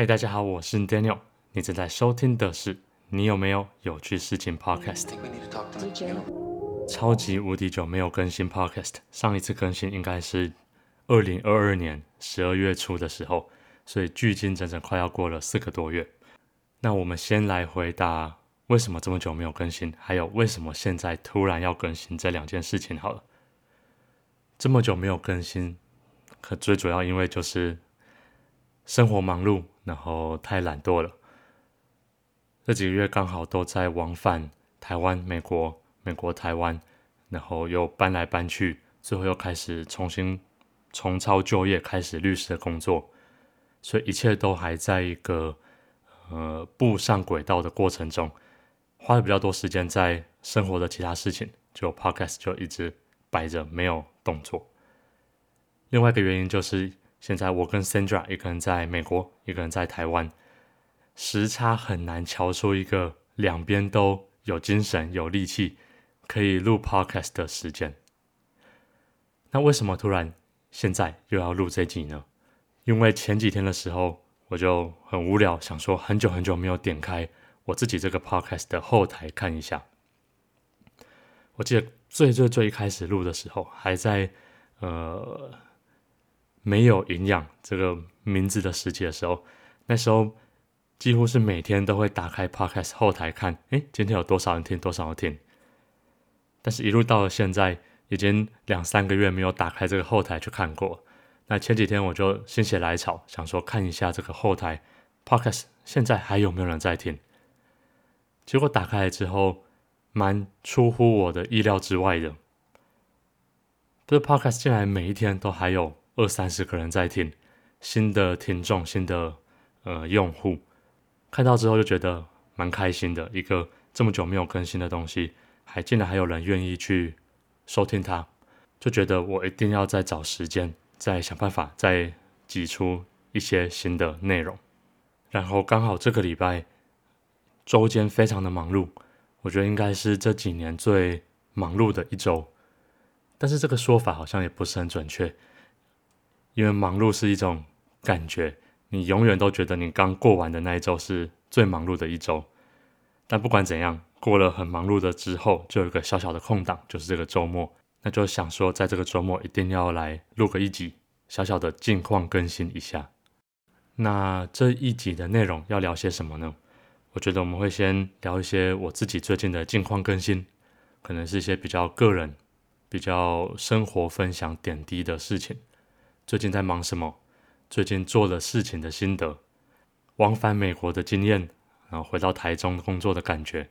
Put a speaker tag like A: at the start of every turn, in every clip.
A: 嗨，Hi, 大家好，我是 Daniel，你正在收聽的是《你有沒有有趣事情 Podcast》。超級無敵久沒有更新 Podcast，上一次更新應該是二零二二年十二月初的時候，所以距今整整快要過了四個多月。那我們先來回答為什麼這麼久沒有更新，還有為什麼現在突然要更新這兩件事情好了。這麼久沒有更新，可最主要因為就是生活忙碌。然後太懶惰了，這幾個月剛好都在往返台灣、美國、美國、台灣，然後又搬來搬去，最後又開始重新重操舊業，開始律師的工作，所以一切都還在一個呃，步上軌道的過程中，花了比較多時間在生活的其他事情，就 Podcast 就一直擺着沒有動作。另外一個原因就是。現在我跟 Sandra 一個人在美國，一個人在台灣，時差很難喬出一個兩邊都有精神、有力氣可以錄 Podcast 的時間。那為什麼突然現在又要錄這集呢？因為前幾天的時候我就很無聊，想說很久很久沒有點開我自己這個 Podcast 的後台看一下。我記得最最最開始錄的時候，還在呃。沒有營養這個名字的時期的時候，那時候幾乎是每天都會打開 Podcast 後台看，誒，今天有多少人聽，多少人聽。但是，一路到了現在，已經兩三個月沒有打開這個後台去看過。那前幾天我就心血來潮，想說看一下這個後台 Podcast 現在還有沒有人在聽。結果打開來之後，蠻出乎我的意料之外的，這 Podcast 竟然每一天都還有。二三十個人在聽，新的聽眾，新的呃用戶看到之後就覺得蠻開心的。一個這麼久沒有更新的東西，還竟然還有人願意去收聽它，就覺得我一定要再找時間，再想辦法，再擠出一些新的內容。然後剛好這個禮拜周間非常的忙碌，我覺得應該是這幾年最忙碌的一周，但是這個說法好像也不是很準確。因為忙碌是一種感覺，你永遠都覺得你剛過完的那一周是最忙碌的一周。但不管怎樣，過了很忙碌的之後，就有一個小小的空檔，就是這個周末。那就想說，在這個周末一定要來錄個一集，小小的近況更新一下。那這一集的內容要聊些什麼呢？我覺得我們會先聊一些我自己最近的近況更新，可能是一些比較個人、比較生活分享點滴的事情。最近在忙什麼？最近做了事情的心得，往返美國的經驗，然後回到台中工作的感覺。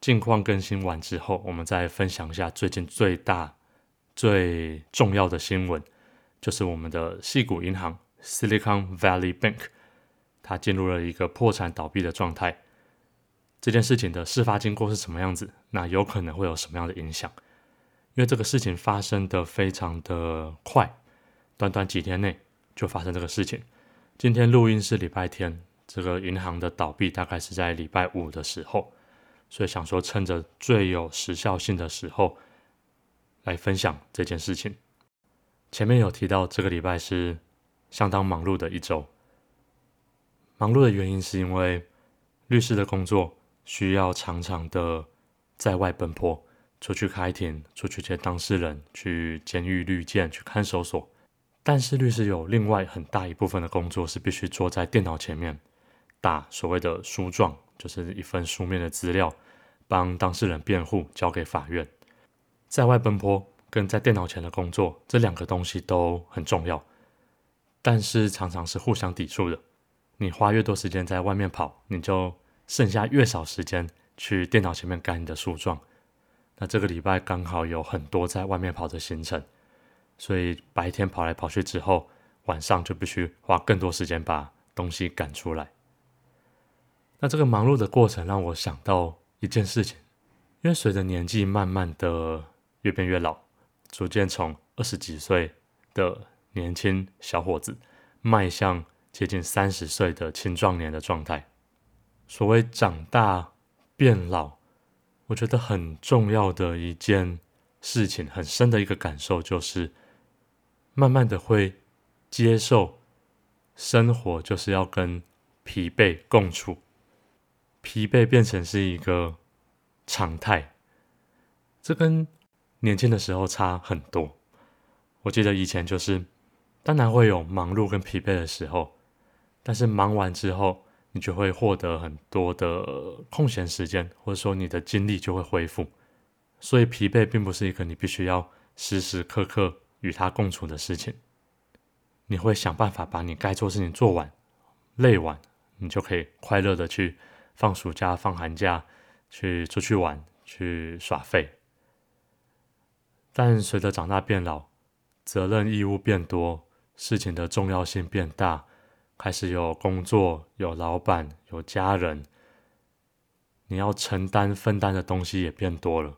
A: 近況更新完之後，我們再分享一下最近最大、最重要的新聞，就是我們的矽谷銀行 （Silicon Valley Bank） 它進入了一個破產倒閉的狀態。這件事情的事發經過是什麼樣子？那有可能會有什麼樣的影響？因為這個事情發生的非常的快。短短幾天內就發生這個事情。今天錄音是禮拜天，這個銀行的倒閉大概是在禮拜五的時候，所以想說趁着最有時效性的時候來分享這件事情。前面有提到，這個禮拜是相當忙碌的一周。忙碌的原因是因為律師的工作需要常常的在外奔波，出去開庭，出去接當事人，去監獄、律鑑、去看守所。但是律師有另外很大一部分的工作是必須坐在電腦前面打所謂的書狀，就是一份書面的資料，幫當事人辯護交給法院。在外奔波跟在電腦前的工作這兩個東西都很重要，但是常常是互相抵觸的。你花越多時間在外面跑，你就剩下越少時間去電腦前面趕你的書狀。那這個禮拜剛好有很多在外面跑的行程。所以白天跑來跑去之後，晚上就必須花更多時間把東西趕出來。那這個忙碌的過程讓我想到一件事情，因為隨着年紀慢慢的越變越老，逐漸從二十幾歲的年輕小伙子邁向接近三十歲的青壯年的狀態。所謂長大變老，我覺得很重要的一件事情，很深的一個感受就是，慢慢的會接受生活就是要跟疲憊共處，疲憊變成是一個常態。這跟年輕的時候差很多。我記得以前就是，當然會有忙碌跟疲憊的時候，但是忙完之後你就會獲得很多的空閒時間，或者說你的精力就會恢復。所以疲憊並不是一個你必須要時時刻刻。與他共處的事情，你會想辦法把你該做事情做完，累完，你就可以快樂地去放暑假、放寒假，去出去玩、去耍廢。但隨着長大變老，責任義務變多，事情的重要性變大，開始有工作、有老闆、有家人，你要承擔分擔的東西也變多了。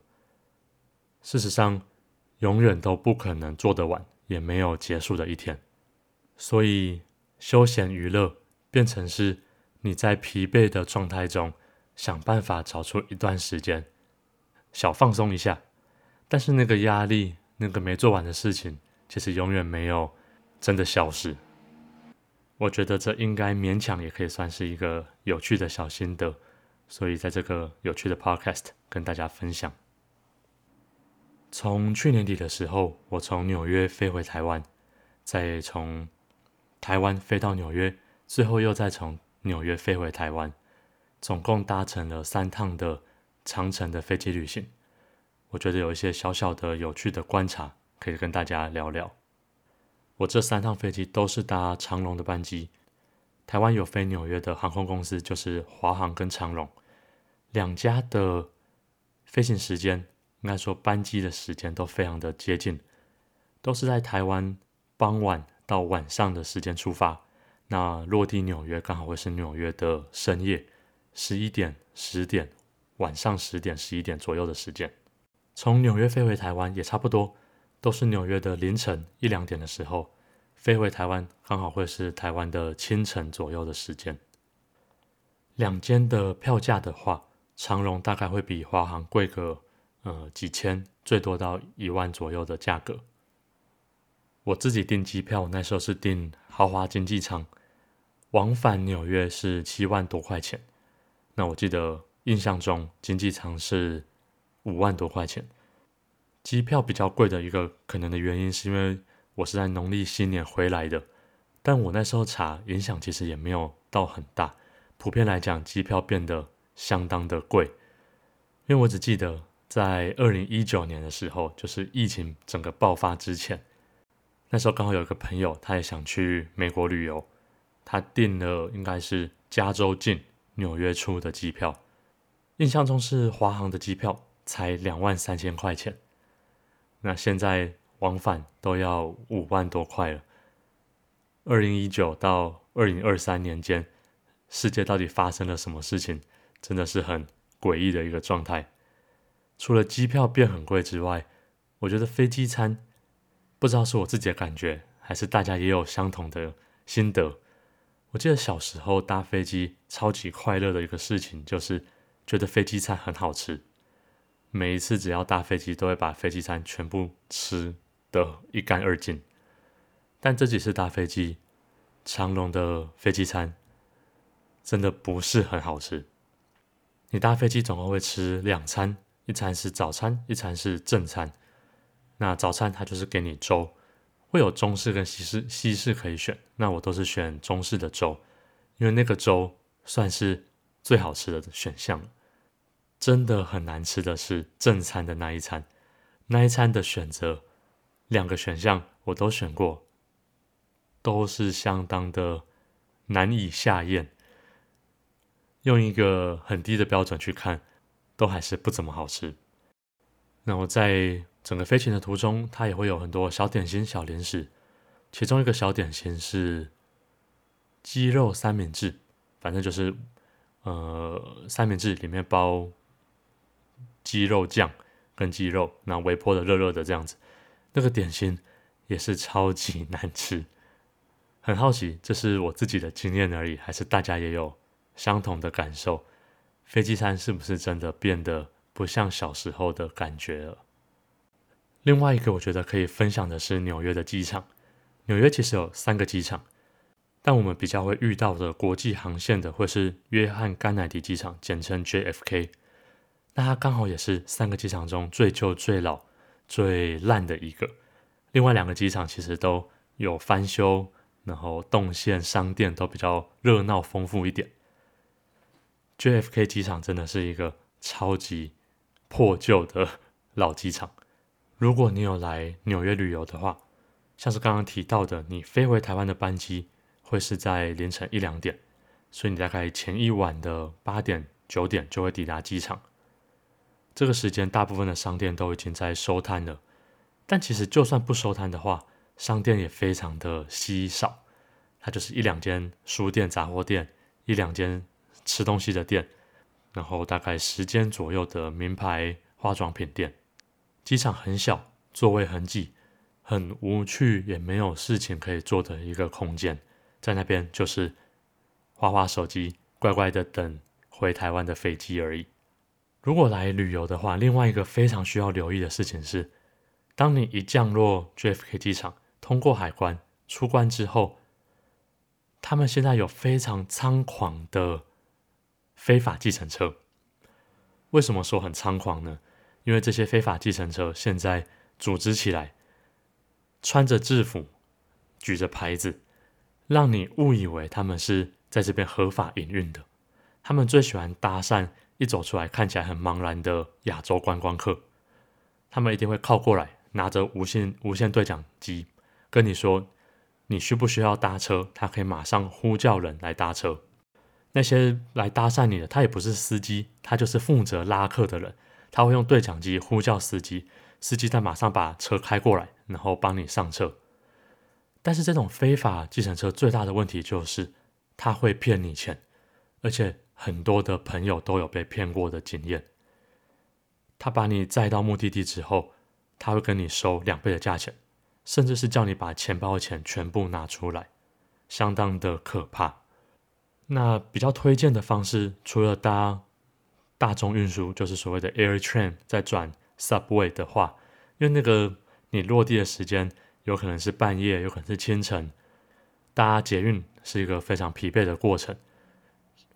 A: 事實上，永遠都不可能做得完，也沒有結束的一天。所以，休閒娛樂變成是你在疲憊的狀態中想辦法找出一段時間小放鬆一下。但是，那個壓力，那個沒做完的事情，其實永遠沒有真的消失。我覺得這應該勉強也可以算是一個有趣的小心得，所以在這個有趣的 podcast 跟大家分享。從去年底的時候，我從紐約飛回台灣，再從台灣飛到紐約，最後又再從紐約飛回台灣，總共搭乘了三趟的長程的飛機旅行。我覺得有一些小小的有趣的觀察可以跟大家聊聊。我這三趟飛機都是搭長榮的班機。台灣有飛紐約的航空公司就是華航跟長榮兩家的飛行時間。應該說，班機的時間都非常的接近，都是在台灣傍晚到晚上的時間出發。那落地紐約剛好會是紐約的深夜，十一點、十點、晚上十點、十一點左右的時間。從紐約飛回台灣也差不多，都是紐約的凌晨一兩點的時候飛回台灣，剛好會是台灣的清晨左右的時間。兩間的票價的話，長榮大概會比華航貴個。呃，幾千，最多到一萬左右的價格。我自己訂機票，我那時候是訂豪華經濟艙，往返紐約是七萬多塊錢。那我記得印象中經濟艙是五萬多塊錢。機票比較貴的一個可能的原因，是因為我是在農曆新年回來的，但我那時候查影響其實也沒有到很大。普遍來講，機票變得相當的貴，因為我只記得。在二零一九年的時候，就是疫情整個爆發之前，那時候剛好有一個朋友，他也想去美國旅遊，他訂了應該是加州進、紐約出的機票，印象中是華航的機票才兩萬三千塊錢，那現在往返都要五萬多塊了。二零一九到二零二三年間，世界到底發生了什麼事情？真的是很詭異的一個狀態。除了機票變很貴之外，我覺得飛機餐，不知道是我自己的感覺，還是大家也有相同的心得。我記得小時候搭飛機超級快樂的一個事情，就是覺得飛機餐很好吃。每一次只要搭飛機，都會把飛機餐全部吃得一乾二淨。但這幾次搭飛機，長龍的飛機餐真的不是很好吃。你搭飛機總共會吃兩餐。一餐是早餐，一餐是正餐。那早餐它就是給你粥，會有中式跟西式，西式可以選。那我都是選中式的粥，因為那個粥算是最好吃的選項了。真的很難吃的是正餐的那一餐，那一餐的選擇，兩個選項我都選過，都是相當的難以下嚥。用一個很低的標準去看，都還是不怎麼好吃。那我在整個飛行的途中，它也會有很多小點心、小零食。其中一個小點心是雞肉三明治，反正就是呃三明治裡面包雞肉醬跟雞肉，那微波的熱熱的這樣子。那個點心也是超級難吃。很好奇，這是我自己的經驗而已，還是大家也有相同的感受？飛機餐是不是真的變得不像小時候的感覺了？另外一個我覺得可以分享的是紐約的機場。紐約其實有三個機場，但我們比較會遇到的國際航線的會是約翰甘乃迪機場，簡稱 JFK。那它剛好也是三個機場中最舊、最老、最爛的一個。另外兩個機場其實都有翻修，然後動線、商店都比較熱鬧、豐富一點。JFK 機場真的是一個超級破舊的老機場。如果你有來紐約旅遊的話，像是剛剛提到的，你飛回台灣的班機會是在凌晨一兩點，所以你大概前一晚的八點九點就會抵達機場。這個時間大部分的商店都已經在收攤了，但其實就算不收攤的話，商店也非常的稀少，它就是一兩間書店、雜貨店，一兩間。吃東西的店，然後大概十間左右的名牌化妝品店。機場很小，座位很擠，很無趣，也沒有事情可以做的一個空間。在那邊就是滑滑手機，乖乖的等回台灣的飛機而已。如果來旅遊的話，另外一個非常需要留意的事情是，當你一降落 JFK 機場，通過海關出關之後，他們現在有非常猖狂的。非法計程車，為什麼說很猖狂呢？因為這些非法計程車現在組織起來，穿着制服，舉着牌子，讓你誤以為他們是在這邊合法營運的。他們最喜歡搭訕，一走出來看起來很茫然的亞洲觀光客，他們一定會靠過來，拿着無線無線對講機跟你說：“你需不需要搭車？他可以馬上呼叫人來搭車。”那些來搭訕你的，他也不是司機，他就是負責拉客的人。他會用對講機呼叫司機，司機再馬上把車開過來，然後幫你上車。但是這種非法計程車最大的問題就是，他會騙你錢，而且很多的朋友都有被騙過的經驗。他把你載到目的地之後，他會跟你收兩倍的價錢，甚至是叫你把錢包的錢全部拿出來，相當的可怕。那比較推薦的方式，除了搭大眾運輸，就是所謂的 Air Train 再轉 Subway 的話，因為那個你落地的時間有可能是半夜，有可能是清晨，搭捷運是一個非常疲憊的過程。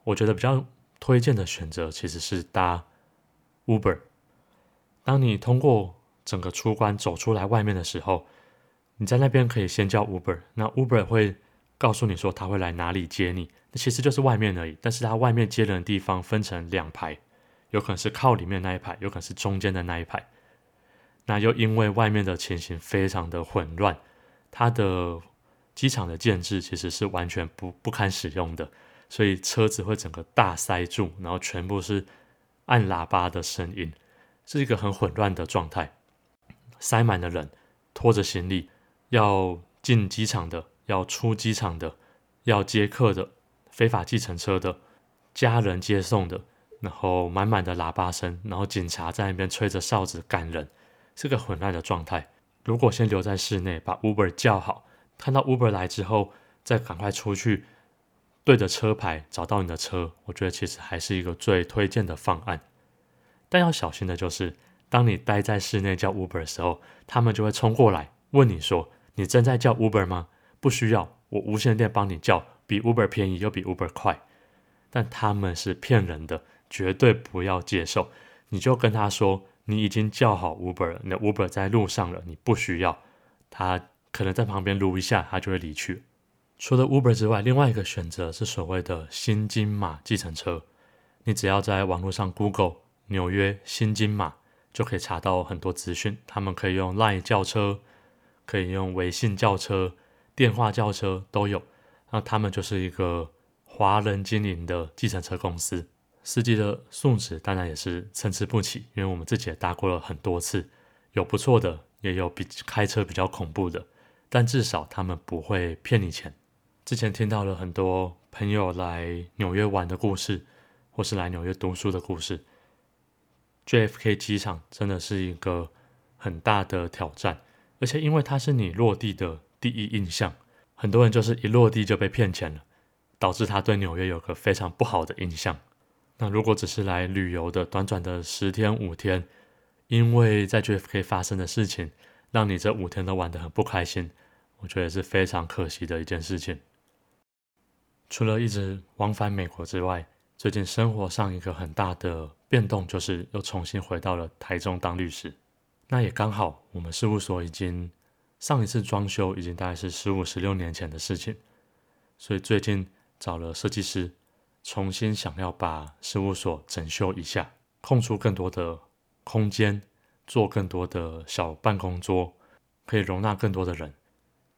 A: 我覺得比較推薦的選擇其實是搭 Uber。當你通過整個出關走出來外面的時候，你在那邊可以先叫 Uber，那 Uber 會告訴你說他會來哪裡接你。其實就是外面而已，但是它外面接人的地方分成兩排，有可能是靠裡面那一排，有可能是中間的那一排。那又因為外面的情形非常的混亂，它的機場的建制其實是完全不不堪使用的，所以車子會整個大塞住，然後全部是按喇叭的聲音，是一個很混亂的狀態，塞滿的人拖着行李要進機場的，要出機場的，要接客的。非法計程車的家人接送的，然後滿滿的喇叭聲，然後警察在那邊吹着哨子趕人，是個混亂的狀態。如果先留在室內把 Uber 叫好，看到 Uber 來之後再趕快出去對着車牌找到你的車，我覺得其實還是一個最推薦的方案。但要小心的就是，當你待在室內叫 Uber 的時候，他們就會衝過來問你說：“你正在叫 Uber 嗎？”不需要，我無線電幫你叫。比 Uber 便宜又比 Uber 快，但他們是騙人的，絕對不要接受。你就跟他說，你已經叫好 Uber 了，你的 Uber 在路上了，你不需要。他可能在旁邊擼一下，他就會離去。除了 Uber 之外，另外一個選擇是所謂的新金馬計程車。你只要在網絡上 Google 紐約新金馬，就可以查到很多資訊。他們可以用 Line 叫車，可以用微信叫車，電話叫車都有。那他們就是一個華人經營的計程車公司，司機的素質當然也是參差不齊。因為我們自己也搭過了很多次，有不錯的，也有比開車比較恐怖的。但至少他們不會騙你錢。之前聽到了很多朋友來紐約玩的故事，或是來紐約讀書的故事。JFK 機場真的是一個很大的挑戰，而且因為它是你落地的第一印象。很多人就是一落地就被騙錢了，導致他對紐約有個非常不好的印象。那如果只是來旅遊的，短短的十天五天，因為在 JFK 發生的事情，讓你這五天都玩得很不開心，我覺得是非常可惜的一件事情。除了一直往返美國之外，最近生活上一個很大的變動就是又重新回到了台中當律師。那也剛好，我們事務所已經。上一次裝修已經大概是十五、十六年前的事情，所以最近找了設計師，重新想要把事務所整修一下，空出更多的空間，做更多的小辦公桌，可以容納更多的人。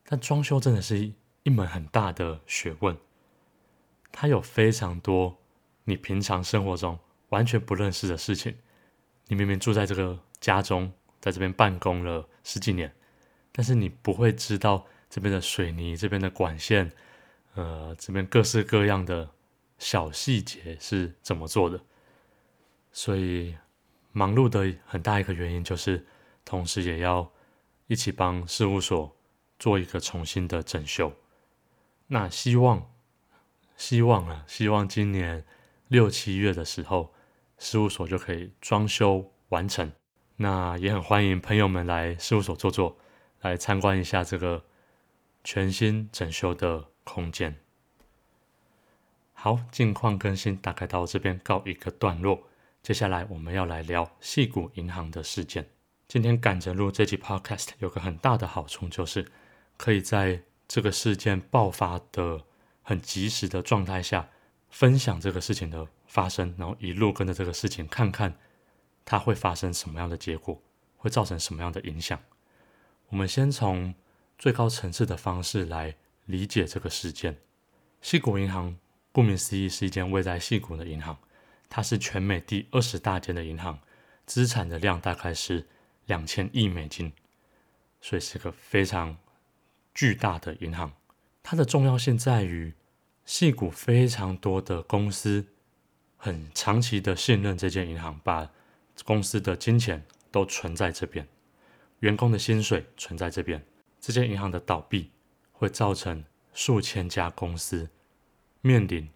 A: 但裝修真的是一，一門很大的學問，它有非常多你平常生活中完全不認識的事情。你明明住在這個家中，在這邊辦公了十幾年。但是你不會知道這邊的水泥、這邊的管線、呃，這邊各式各樣的小細節是怎麼做的。所以忙碌的很大一個原因就是，同時也要一起幫事務所做一個重新的整修。那希望希望啊，希望今年六七月的時候，事務所就可以裝修完成。那也很歡迎朋友們來事務所坐坐。來參觀一下這個全新整修的空間。好，近況更新大概到這邊告一個段落。接下來我們要來聊矽谷銀行的事件。今天趕着錄這集 Podcast，有個很大的好處就是可以在這個事件爆發的很及時的狀態下分享這個事情的發生，然後一路跟着這個事情，看看它會發生什麼樣的結果，會造成什麼樣的影響。我們先從最高層次的方式來理解這個事件。矽谷銀行顧名思義是一間位在矽谷的銀行，它是全美第二十大間的銀行，資產的量大概是兩千億美金，所以是個非常巨大的銀行。它的重要性在於，矽谷非常多的公司很長期的信任這間銀行，把公司的金錢都存在這邊。員工的薪水存在這邊，這間銀行的倒閉會造成數千家公司面臨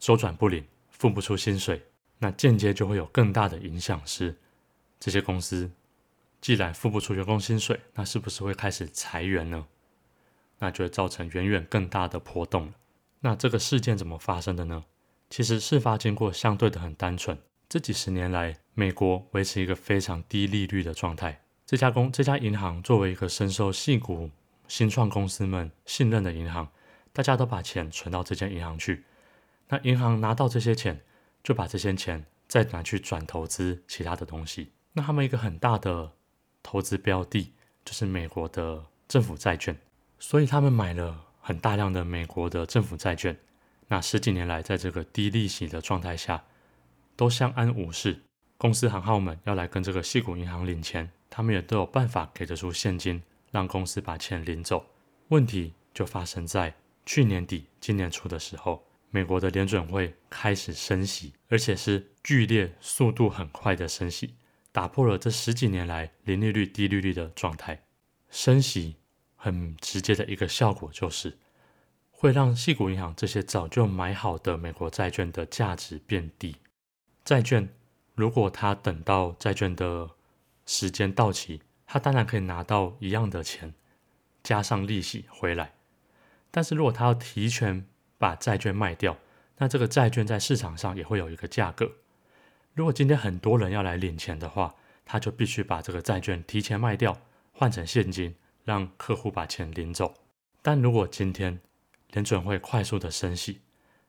A: 周轉不靈、付不出薪水。那間接就會有更大的影響是，這些公司既然付不出員工薪水，那是不是會開始裁員呢？那就會造成遠遠更大的波動了。那這個事件怎麼發生的呢？其實事發經過相對的很單純。這幾十年來，美國維持一個非常低利率的狀態。這家公這家銀行作為一個深受矽谷新創公司們信任的銀行，大家都把錢存到這間銀行去。那銀行拿到這些錢，就把這些錢再拿去轉投資其他的東西。那他們一個很大的投資標的，就是美國的政府債券。所以他們買了很大量的美國的政府債券。那十幾年來，在這個低利息的狀態下，都相安無事。公司行號們要來跟這個矽谷銀行領錢。他們也都有辦法給得出現金，讓公司把錢領走。問題就發生在去年底、今年初的時候，美國的聯準會開始升息，而且是劇烈、速度很快的升息，打破了這十幾年來零利率、低利率的狀態。升息很直接的一個效果就是，會讓矽谷銀行這些早就買好的美國債券的價值變低。債券如果它等到債券的時間到期，他當然可以拿到一樣的錢，加上利息回來。但是如果他要提前把債券賣掉，那這個債券在市場上也會有一個價格。如果今天很多人要來領錢的話，他就必須把這個債券提前賣掉，換成現金，讓客戶把錢領走。但如果今天聯準會快速的升息，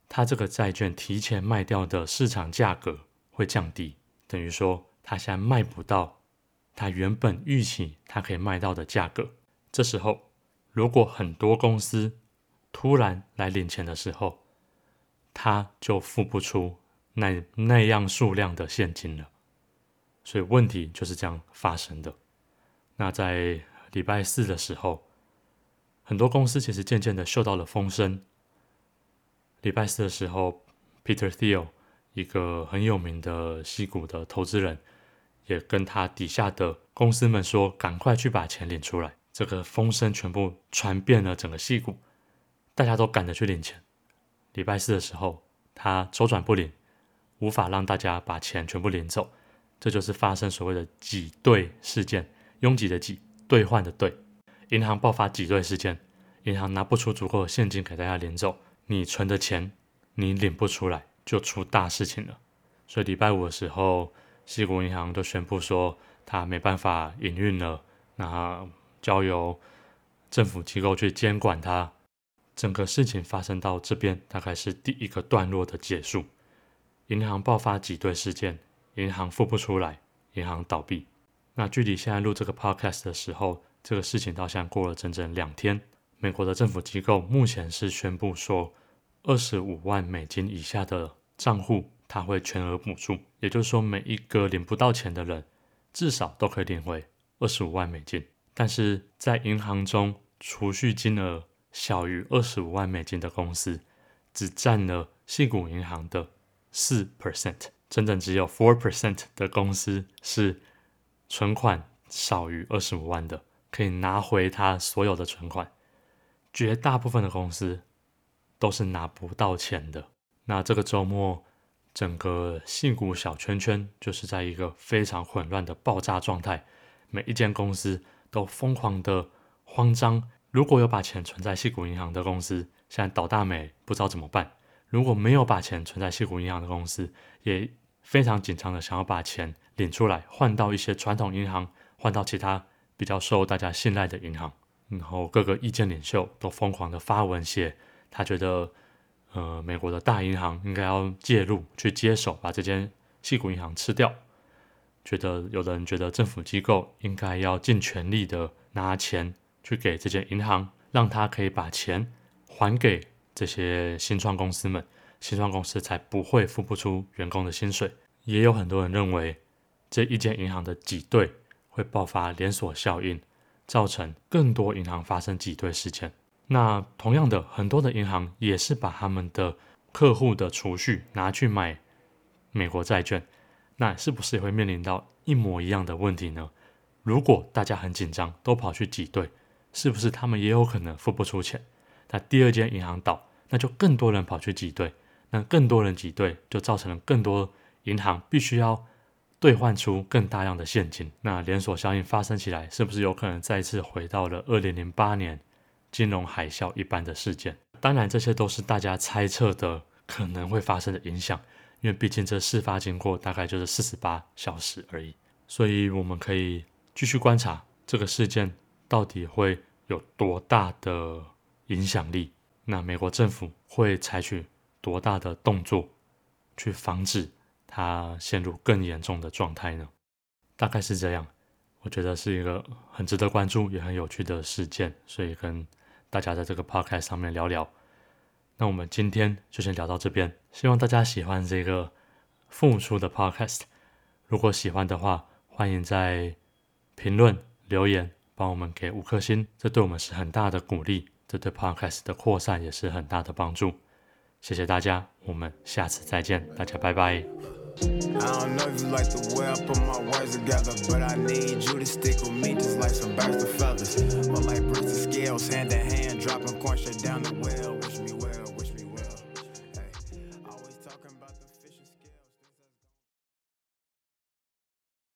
A: 他這個債券提前賣掉的市場價格會降低，等於說他現在賣不到。他原本預期他可以賣到的價格，這時候如果很多公司突然來領錢的時候，他就付不出那那樣數量的現金了，所以問題就是這樣發生的。那在禮拜四的時候，很多公司其實漸漸的嗅到了風聲。禮拜四的時候，Peter Thiel，一個很有名的矽谷的投資人。也跟他底下的公司們說，趕快去把錢領出來。這個風聲全部傳遍了整個矽谷，大家都趕着去領錢。禮拜四的時候，他周轉不靈，無法讓大家把錢全部領走，這就是發生所謂的擠兌事件。擁擠的擠，兌換的兌，銀行爆發擠兌事件，銀行拿不出足夠的現金給大家領走，你存的錢你領不出來，就出大事情了。所以禮拜五的時候，矽谷銀行都宣布說，他沒辦法營運了，那交由政府機構去監管它。整個事情發生到這邊，大概是第一個段落的結束。銀行爆發擠兌事件，銀行付不出來，銀行倒閉。那距離現在錄這個 Podcast 的時候，這個事情倒像過了整整兩天。美國的政府機構目前是宣布說，二十五萬美金以下的賬戶。他會全額補助，也就是說，每一個領不到錢的人，至少都可以領回二十五萬美金。但是在銀行中，儲蓄金額小於二十五萬美金的公司，只佔了矽谷銀行的四 percent。真正只有 four percent 的公司是存款少於二十五萬的，可以拿回他所有的存款。絕大部分的公司都是拿不到錢的。那這個周末，整個矽谷小圈圈就是在一個非常混亂的爆炸狀態，每一間公司都瘋狂的慌張。如果有把錢存在矽谷銀行的公司，現在倒大霉，不知道怎麼辦；如果沒有把錢存在矽谷銀行的公司，也非常緊張的想要把錢領出來，換到一些傳統銀行，換到其他比較受大家信賴的銀行。然後各個意見領袖都瘋狂的發文寫，他覺得。呃，美國的大銀行應該要介入去接手，把這間矽谷銀行吃掉。覺得有的人覺得政府機構應該要盡全力的拿錢去給這間銀行，讓他可以把錢還給這些新創公司們，新創公司才不會付不出員工的薪水。也有很多人認為，這一間銀行的擠兌會爆發連鎖效應，造成更多銀行發生擠兌事件。那同樣的，很多的銀行也是把他們的客戶的儲蓄拿去買美國債券，那是不是也會面臨到一模一樣的問題呢？如果大家很緊張，都跑去擠兌，是不是他們也有可能付不出錢？那第二間銀行倒，那就更多人跑去擠兌，那更多人擠兌，就造成了更多銀行必須要兌換出更大量的現金，那連鎖效應發生起來，是不是有可能再次回到了二零零八年？金融海嘯一般的事件。當然這些都是大家猜測的可能會發生的影響，因為畢竟這事發經過大概就是四十八小時而已，所以我們可以繼續觀察這個事件到底會有多大的影響力，那美國政府會採取多大的動作去防止它陷入更嚴重的狀態呢？大概是這樣，我覺得是一個很值得關注也很有趣的事件，所以跟大家在這個 podcast 上面聊聊，那我們今天就先聊到這邊。希望大家喜歡這個復出的 podcast。如果喜歡的話，歡迎在評論留言幫我們給五顆星，這對我們是很大的鼓勵，這對 podcast 的擴散也是很大的幫助。謝謝大家，我們下次再見，大家拜拜。I